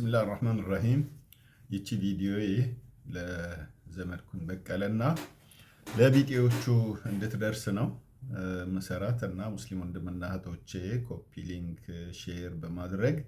ብስሚላ ራህማን ራሂም። ይቺ ቪዲዮዬ ለዘመድኩን በቀለና ለቢጤዎቹ እንድትደርስ ነው መሰራት እና ሙስሊም ወንድምና እህቶቼ ኮፒ ሊንክ ሼር በማድረግ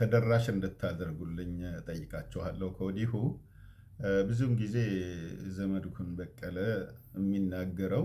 ተደራሽ እንድታደርጉልኝ ጠይቃችኋለሁ ከወዲሁ። ብዙውን ጊዜ ዘመድኩን በቀለ የሚናገረው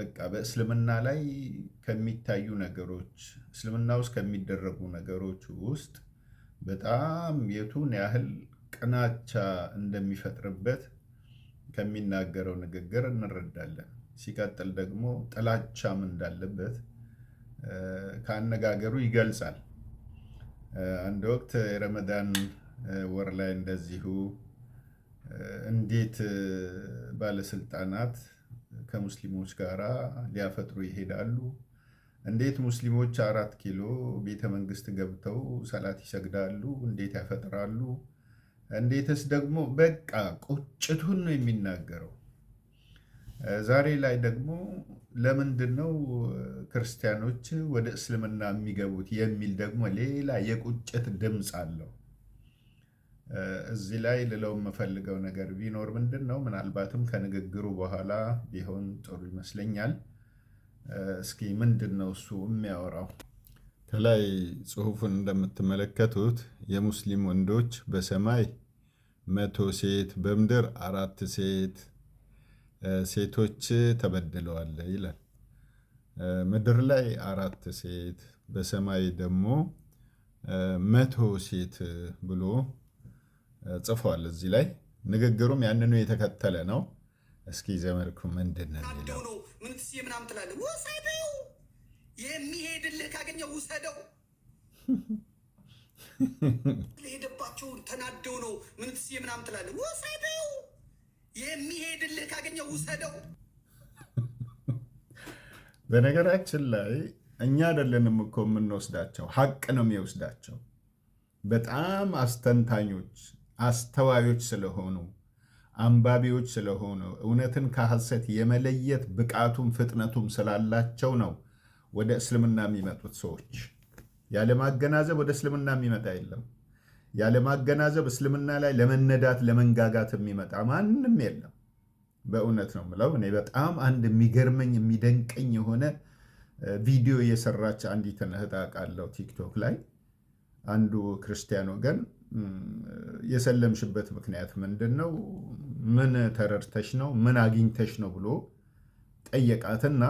በቃ በእስልምና ላይ ከሚታዩ ነገሮች እስልምና ውስጥ ከሚደረጉ ነገሮች ውስጥ በጣም የቱን ያህል ቅናቻ እንደሚፈጥርበት ከሚናገረው ንግግር እንረዳለን። ሲቀጥል ደግሞ ጥላቻም እንዳለበት ከአነጋገሩ ይገልጻል። አንድ ወቅት የረመዳን ወር ላይ እንደዚሁ እንዴት ባለስልጣናት ከሙስሊሞች ጋራ ሊያፈጥሩ ይሄዳሉ እንዴት ሙስሊሞች አራት ኪሎ ቤተ መንግስት ገብተው ሰላት ይሰግዳሉ? እንዴት ያፈጥራሉ? እንዴትስ ደግሞ በቃ ቁጭቱን ነው የሚናገረው። ዛሬ ላይ ደግሞ ለምንድን ነው ክርስቲያኖች ወደ እስልምና የሚገቡት የሚል ደግሞ ሌላ የቁጭት ድምፅ አለው። እዚህ ላይ ልለው የምፈልገው ነገር ቢኖር ምንድን ነው ምናልባትም ከንግግሩ በኋላ ቢሆን ጥሩ ይመስለኛል እስኪ ምንድን ነው እሱ የሚያወራው? ከላይ ጽሑፉን እንደምትመለከቱት የሙስሊም ወንዶች በሰማይ መቶ ሴት በምድር አራት ሴት ሴቶች ተበድለዋል ይላል። ምድር ላይ አራት ሴት በሰማይ ደግሞ መቶ ሴት ብሎ ጽፏል። እዚህ ላይ ንግግሩም ያንኑ የተከተለ ነው። እስኪ ዘመርኩ ምንድን ነው ምን ትስዬ ምናምን ትላለህ። ውሰደው የሚሄድልህ ካገኘው ውሰደው። ሄደባቸውን ተናደው ነው ምን ምናምን ትላለህ። ውሰደው የሚሄድልህ ካገኘው ውሰደው። በነገራችን ላይ እኛ አይደለንም እኮ የምንወስዳቸው፣ ሀቅ ነው የሚወስዳቸው። በጣም አስተንታኞች አስተዋዮች ስለሆኑ አንባቢዎች ስለሆኑ እውነትን ከሐሰት የመለየት ብቃቱም ፍጥነቱም ስላላቸው ነው ወደ እስልምና የሚመጡት ሰዎች። ያለማገናዘብ ወደ እስልምና የሚመጣ የለም። ያለማገናዘብ እስልምና ላይ ለመነዳት ለመንጋጋት የሚመጣ ማንም የለም። በእውነት ነው የምለው። እኔ በጣም አንድ የሚገርመኝ የሚደንቀኝ የሆነ ቪዲዮ የሰራች አንዲት እህት አውቃለሁ ቲክቶክ ላይ አንዱ ክርስቲያን ወገን የሰለምሽበት ምክንያት ምንድን ነው? ምን ተረድተሽ ነው? ምን አግኝተሽ ነው ብሎ ጠየቃትና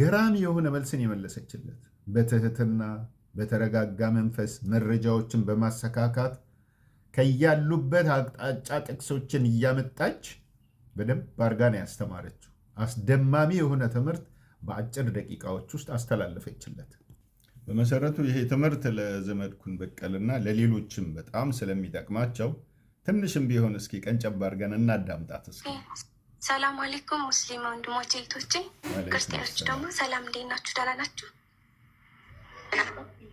ገራሚ የሆነ መልስን የመለሰችለት በትህትና በተረጋጋ መንፈስ መረጃዎችን በማሰካካት ከያሉበት አቅጣጫ ጥቅሶችን እያመጣች በደንብ አድርጋ ነው ያስተማረችው። አስደማሚ የሆነ ትምህርት በአጭር ደቂቃዎች ውስጥ አስተላለፈችለት። በመሰረቱ ይሄ ትምህርት ለዘመድኩን በቀልና ለሌሎችም በጣም ስለሚጠቅማቸው ትንሽም ቢሆን እስኪ ቀንጨብ አድርገን እናዳምጣት። እስኪ ሰላም አሌይኩም ሙስሊም ወንድሞች እህቶቼ፣ ክርስቲያኖች ደግሞ ሰላም፣ እንዴት ናችሁ? ደህና ናችሁ?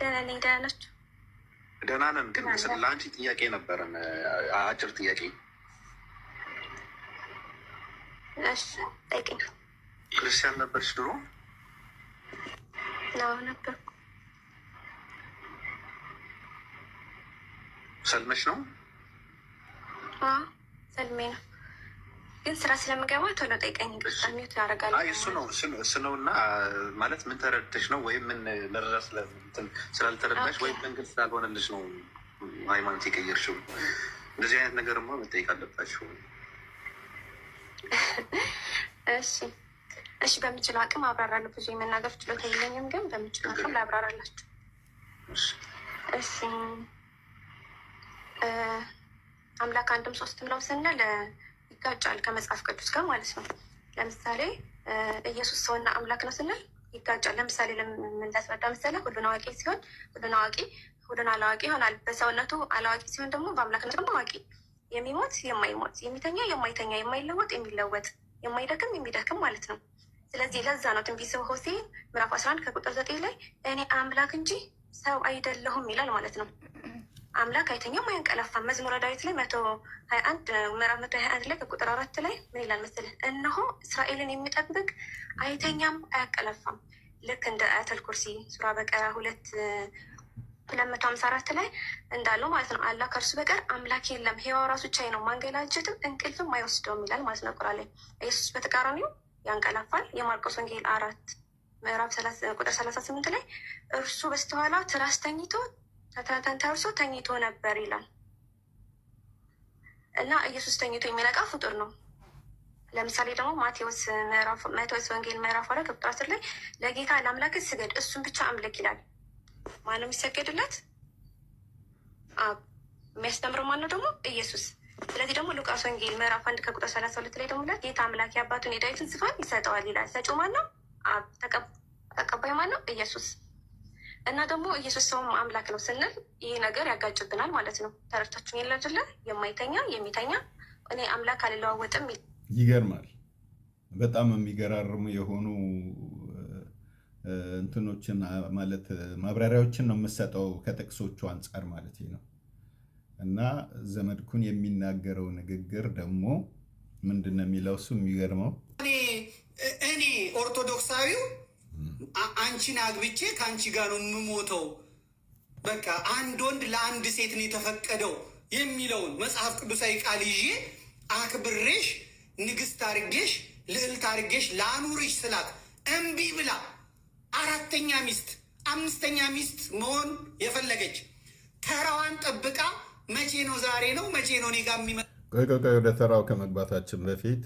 ደህና ነኝ። ደህና ናችሁ? ደህና ነን። ግን ለአንቺ ጥያቄ ነበረን፣ አጭር ጥያቄ። እሺ፣ ክርስቲያን ነበርሽ ድሮ? ነው ነበር። ሰልመሽ ነው ሰልሜ ነው። ግን ስራ ስለምገባ ቶሎ ጠይቀኝ። ግጣሚት ያደረጋል እሱ ነው እሱ ነው። እና ማለት ምን ተረድተሽ ነው ወይም ምን መረዳት ስላልተረዳሽ ወይም መንገድ ስላልሆነልሽ ነው ሃይማኖት የቀየርሽው? እንደዚህ አይነት ነገርማ መጠየቅ አለባችሁ። እሺ እሺ፣ በምችል አቅም አብራራለሁ። ብዙ የመናገር ችሎታ የለኝም፣ ግን በምችል አቅም ላብራራላችሁ። እሺ፣ አምላክ አንድም ሶስትም ነው ስንል ይጋጫል ከመጽሐፍ ቅዱስ ጋር ማለት ነው። ለምሳሌ ኢየሱስ ሰውና አምላክ ነው ስንል ይጋጫል። ለምሳሌ ለምንታስረዳ ምሳሌ ሁሉን አዋቂ ሲሆን ሁሉን አዋቂ ሁሉን አላዋቂ ይሆናል። በሰውነቱ አላዋቂ ሲሆን ደግሞ በአምላክነቱ ደግሞ አዋቂ የሚሞት የማይሞት የሚተኛ የማይተኛ የማይለወጥ የሚለወጥ የማይደክም የሚደክም ማለት ነው። ስለዚህ ለዛ ነው ትንቢተ ሆሴዕ ምዕራፍ አስራ አንድ ከቁጥር ዘጠኝ ላይ እኔ አምላክ እንጂ ሰው አይደለሁም ይላል ማለት ነው። አምላክ አይተኛም አያንቀላፋም። መዝሙረ ዳዊት ላይ መቶ ሀያ አንድ ምዕራፍ መቶ ሀያ አንድ ላይ ከቁጥር አራት ላይ ምን ይላል መሰለህ? እነሆ እስራኤልን የሚጠብቅ አይተኛም አያንቀላፋም። ልክ እንደ አያተል ኩርሲ ሱራ በቀራ ሁለት ሁለት መቶ ሀምሳ አራት ላይ እንዳለው ማለት ነው። አላህ ከእርሱ በቀር አምላክ የለም፣ ሕያው ራሱ ቻይ ነው፣ ማንገላጀትም እንቅልፍም አይወስደውም ይላል ማለት ነው ቁራ ላይ ኢየሱስ በተቃራኒው ያንቀላፋል። የማርቆስ ወንጌል አራት ምዕራፍ ቁጥር ሰላሳ ስምንት ላይ እርሱ በስተኋላ ትራስ ተኝቶ ተንተርሶ ተኝቶ ነበር ይላል እና ኢየሱስ ተኝቶ የሚነቃ ፍጡር ነው። ለምሳሌ ደግሞ ማቴዎስ ማቴዎስ ወንጌል ምዕራፍ አራት ቁጥር አስር ላይ ለጌታ ለአምላክ ስገድ እሱን ብቻ አምልክ ይላል። ማነው የሚሰገድለት? የሚያስተምረው ማን ነው ደግሞ? ኢየሱስ ስለዚህ ደግሞ ሉቃስ ወንጌል ምዕራፍ አንድ ከቁጥር ሰላሳ ሁለት ላይ ደግሞ ጌታ አምላክ የአባቱን የዳዊትን ዙፋን ይሰጠዋል ይላል። ሰጪው ማን ነው? ተቀባይ ማን ነው? ኢየሱስ እና ደግሞ ኢየሱስ ሰውም አምላክ ነው ስንል ይህ ነገር ያጋጭብናል ማለት ነው። ተረድታችሁን? የላችለ የማይተኛ የሚተኛ እኔ አምላክ አልለዋወጥም። ይገርማል። በጣም የሚገራርሙ የሆኑ እንትኖችን ማለት ማብራሪያዎችን ነው የምሰጠው ከጥቅሶቹ አንጻር ማለት ነው። እና ዘመድኩን የሚናገረው ንግግር ደግሞ ምንድን ነው የሚለው? እሱ የሚገርመው እኔ ኦርቶዶክሳዊው አንቺን አግብቼ ከአንቺ ጋር ነው የምሞተው፣ በቃ አንድ ወንድ ለአንድ ሴት ነው የተፈቀደው የሚለውን መጽሐፍ ቅዱሳዊ ቃል ይዤ አክብሬሽ ንግስት አርጌሽ ልዕልት አርጌሽ ላኑርሽ ስላት እምቢ ብላ አራተኛ ሚስት አምስተኛ ሚስት መሆን የፈለገች ተራዋን ጠብቃ መቼ ነው ዛሬ ነው መቼ ነው እኔ ጋር ቆይ ቆይ ወደ ተራው ከመግባታችን በፊት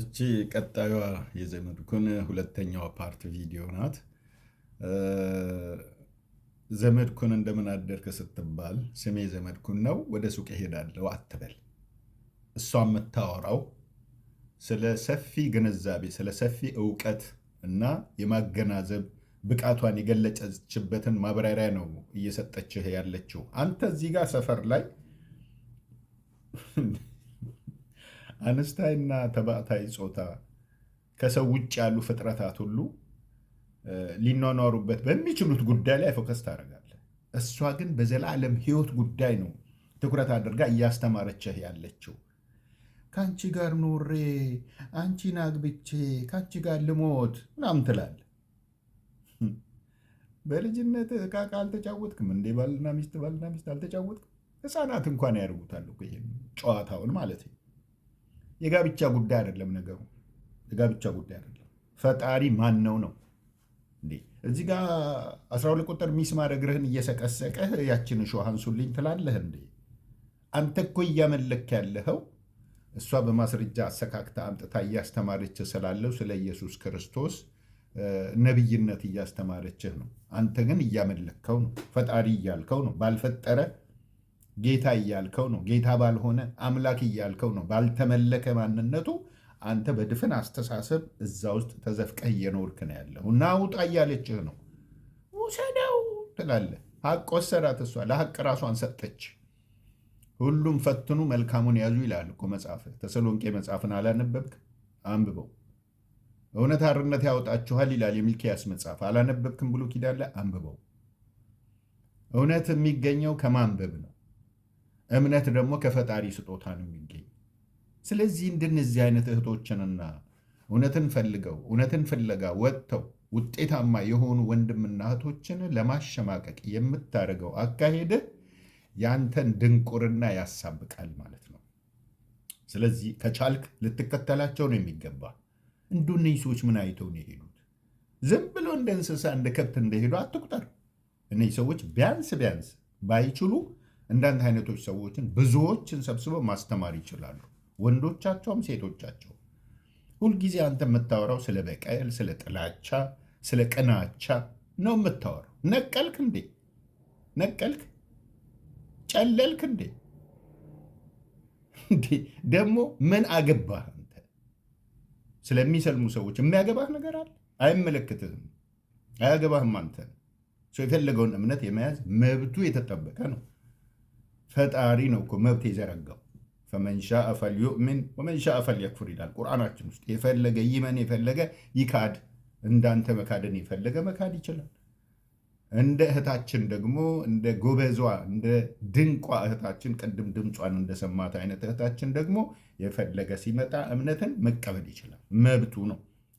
እቺ ቀጣዩዋ የዘመድኩን ሁለተኛው ፓርት ቪዲዮ ናት። ዘመድኩን እንደምን አደርክ ስትባል ስሜ ዘመድኩን ነው ወደ ሱቅ እሄዳለሁ አትበል። እሷ የምታወራው ስለ ሰፊ ግንዛቤ ስለ ሰፊ እውቀት እና የማገናዘብ ብቃቷን የገለጨችበትን ማብራሪያ ነው እየሰጠችህ ያለችው። አንተ እዚህ ጋር ሰፈር ላይ አነስታይና ተባዕታይ ጾታ ከሰው ውጭ ያሉ ፍጥረታት ሁሉ ሊኗኗሩበት በሚችሉት ጉዳይ ላይ ፎከስ ታደርጋለህ። እሷ ግን በዘላለም ሕይወት ጉዳይ ነው ትኩረት አድርጋ እያስተማረችህ ያለችው። ከአንቺ ጋር ኖሬ አንቺን አግብቼ ከአንቺ ጋር ልሞት ምናምን ትላለህ። በልጅነት ዕቃ ዕቃ አልተጫወትክም እንዴ? ባልና ሚስት ባልና ሚስት አልተጫወትክም? ህፃናት እንኳን ያደርጉታል እኮ ይሄን ጨዋታውን ማለት ነው። የጋብቻ ጉዳይ አይደለም ነገሩ፣ የጋብቻ ጉዳይ አይደለም። ፈጣሪ ማን ነው ነው እንዴ? እዚህ ጋር አስራ ሁለት ቁጥር ሚስማር እግርህን እየሰቀሰቀህ ያችን እሾህ አንሱልኝ ትላለህ እንዴ? አንተ እኮ እያመለክ ያለኸው እሷ በማስረጃ አሰካክታ አምጥታ እያስተማረች ስላለው ስለ ኢየሱስ ክርስቶስ ነብይነት እያስተማረችህ ነው። አንተ ግን እያመለክከው ነው። ፈጣሪ እያልከው ነው። ባልፈጠረ ጌታ እያልከው ነው። ጌታ ባልሆነ አምላክ እያልከው ነው። ባልተመለከ ማንነቱ አንተ በድፍን አስተሳሰብ እዛ ውስጥ ተዘፍቀህ እየኖርክ ነው ያለው እና ውጣ እያለችህ ነው። ውሰደው ትላለህ። ሀቅ ወሰዳት እሷ ለሀቅ ራሷን ሰጠች። ሁሉም ፈትኑ መልካሙን ያዙ ይላል እኮ መጽሐፍ። ተሰሎንቄ መጽሐፍን አላነበብክ? አንብበው። እውነት አርነት ያወጣችኋል ይላል የሚልኪያስ መጽሐፍ። አላነበብክም ብሎ ኪዳለ አንብበው። እውነት የሚገኘው ከማንበብ ነው። እምነት ደግሞ ከፈጣሪ ስጦታ ነው የሚገኝ። ስለዚህ እንደነዚህ አይነት እህቶችንና እውነትን ፈልገው እውነትን ፍለጋ ወጥተው ውጤታማ የሆኑ ወንድምና እህቶችን ለማሸማቀቅ የምታደርገው አካሄድ ያንተን ድንቁርና ያሳብቃል ማለት ነው። ስለዚህ ከቻልክ ልትከተላቸው ነው የሚገባ እንዱ እነዚህ ሰዎች ምን አይተው ነው የሄዱት? ዝም ብሎ እንደ እንስሳ እንደ ከብት እንደሄዱ አትቁጠር። እነዚህ ሰዎች ቢያንስ ቢያንስ ባይችሉ እንዳንድ አይነቶች ሰዎችን ብዙዎችን ሰብስበው ማስተማር ይችላሉ። ወንዶቻቸውም ሴቶቻቸው። ሁልጊዜ አንተ የምታወራው ስለ በቀል፣ ስለ ጥላቻ፣ ስለ ቅናቻ ነው የምታወራው። ነቀልክ እንዴ? ነቀልክ? ጨለልክ እንዴ? ደግሞ ምን አገባህ? ስለሚሰልሙ ሰዎች የሚያገባህ ነገር አለ? አይመለከትህም፣ አያገባህም። አንተ ሰው የፈለገውን እምነት የመያዝ መብቱ የተጠበቀ ነው። ፈጣሪ ነው እኮ መብት የዘረጋው። ፈመንሻ ፈልዩእምን ወመንሻ ፈልየክፉር ይላል ቁርአናችን ውስጥ። የፈለገ ይመን የፈለገ ይካድ። እንዳንተ መካደን የፈለገ መካድ ይችላል። እንደ እህታችን ደግሞ እንደ ጎበዟ እንደ ድንቋ እህታችን ቅድም ድምጿን እንደሰማት አይነት እህታችን ደግሞ የፈለገ ሲመጣ እምነትን መቀበል ይችላል፣ መብቱ ነው።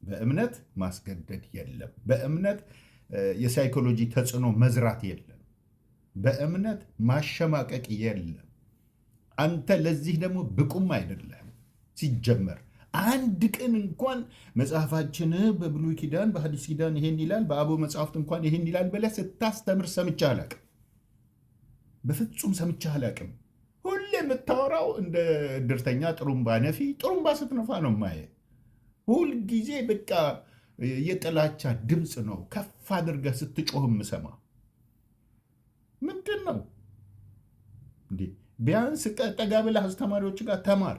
በእምነት ማስገደድ የለም። በእምነት የሳይኮሎጂ ተጽዕኖ መዝራት የለም። በእምነት ማሸማቀቅ የለም። አንተ ለዚህ ደግሞ ብቁም አይደለም ሲጀመር አንድ ቀን እንኳን መጽሐፋችን በብሉይ ኪዳን በሐዲስ ኪዳን ይሄን ይላል፣ በአቦ መጽሐፍት እንኳን ይሄን ይላል ብለህ ስታስተምር ሰምቼ አላቅም። በፍጹም ሰምቼ አላቅም። ሁሌ የምታወራው እንደ እድርተኛ ጥሩምባ ነፊ ጥሩምባ ስትነፋ ነው ማየ። ሁልጊዜ በቃ የጥላቻ ድምፅ ነው ከፍ አድርገህ ስትጮህ ሰማ ምንድን ነው እንዴ? ቢያንስ ጠጋ ብለህ አስተማሪዎች ጋር ተማር።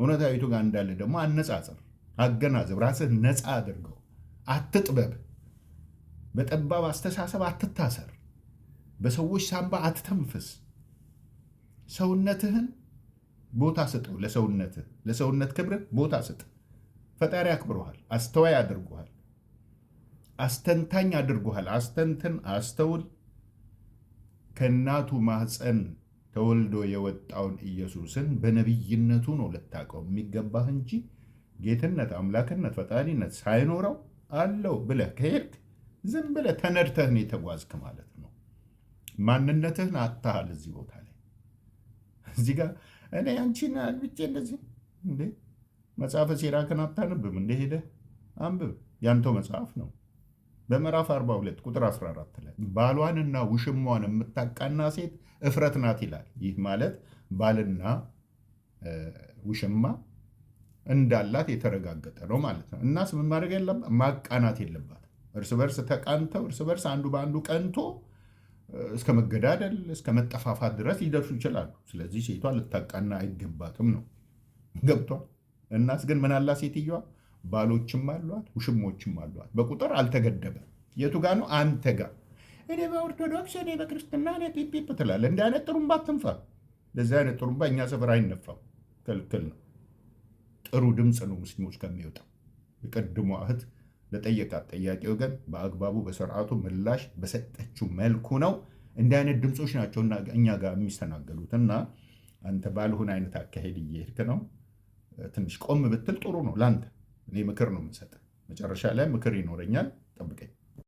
እውነታዊቱ ጋር እንዳለ ደግሞ አነጻጽር፣ አገናዘብ፣ ራስህ ነፃ አድርገው። አትጥበብ፣ በጠባብ አስተሳሰብ አትታሰር፣ በሰዎች ሳንባ አትተንፍስ። ሰውነትህን ቦታ ስጠው። ለሰውነትህ ለሰውነት ክብር ቦታ ስጥ። ፈጣሪ አክብረሃል፣ አስተዋይ አድርጎሃል፣ አስተንታኝ አድርጎሃል። አስተንትን፣ አስተውል። ከእናቱ ማህፀን ተወልዶ የወጣውን ኢየሱስን በነቢይነቱ ነው ልታውቀው የሚገባህ እንጂ ጌትነት፣ አምላክነት፣ ፈጣሪነት ሳይኖረው አለው ብለህ ከሄድክ ዝም ብለህ ተነድተህ ነው የተጓዝክ ማለት ነው። ማንነትህን አታሃል እዚህ ቦታ ላይ እዚህ ጋር እኔ አንቺን አግብቼ እንደዚህ እንዴ መጽሐፈ ሲራክን አታነብም? እንደሄደ አንብብ፣ ያንተው መጽሐፍ ነው። በምዕራፍ 42 ቁጥር 14 ላይ ባሏንና ውሽሟን የምታቃና ሴት እፍረት ናት ይላል። ይህ ማለት ባልና ውሽማ እንዳላት የተረጋገጠ ነው ማለት ነው። እናስ ምን ማድረግ የለም ማቃናት የለባት። እርስ በርስ ተቃንተው እርስ በርስ አንዱ በአንዱ ቀንቶ እስከ መገዳደል እስከ መጠፋፋት ድረስ ሊደርሱ ይችላሉ። ስለዚህ ሴቷ ልታቃና አይገባትም ነው ገብቷል። እናስ ግን ምናላ ሴትየዋ? ባሎችም አሏት፣ ውሽሞችም አሏት። በቁጥር አልተገደበም። የቱ ጋ ነው? አንተ ጋር እኔ በኦርቶዶክስ እኔ በክርስትና እኔ ፒፒፕ ትላለህ። እንደ አይነት ጥሩምባ ትንፋ። ለዚ አይነት ጥሩምባ እኛ ሰፈር አይነፋም፣ ክልክል ነው። ጥሩ ድምፅ ነው ሙስሊሞች ከሚወጣው። የቀድሞ እህት ለጠየቃት ጥያቄ ወገን በአግባቡ በስርዓቱ ምላሽ በሰጠችው መልኩ ነው እንደ አይነት ድምፆች ናቸው እኛ ጋር የሚስተናገሉት። እና አንተ ባልሆን አይነት አካሄድ እየሄድክ ነው። ትንሽ ቆም ብትል ጥሩ ነው ለአንተ እኔ ምክር ነው የምሰጥ። መጨረሻ ላይ ምክር ይኖረኛል፣ ጠብቀኝ።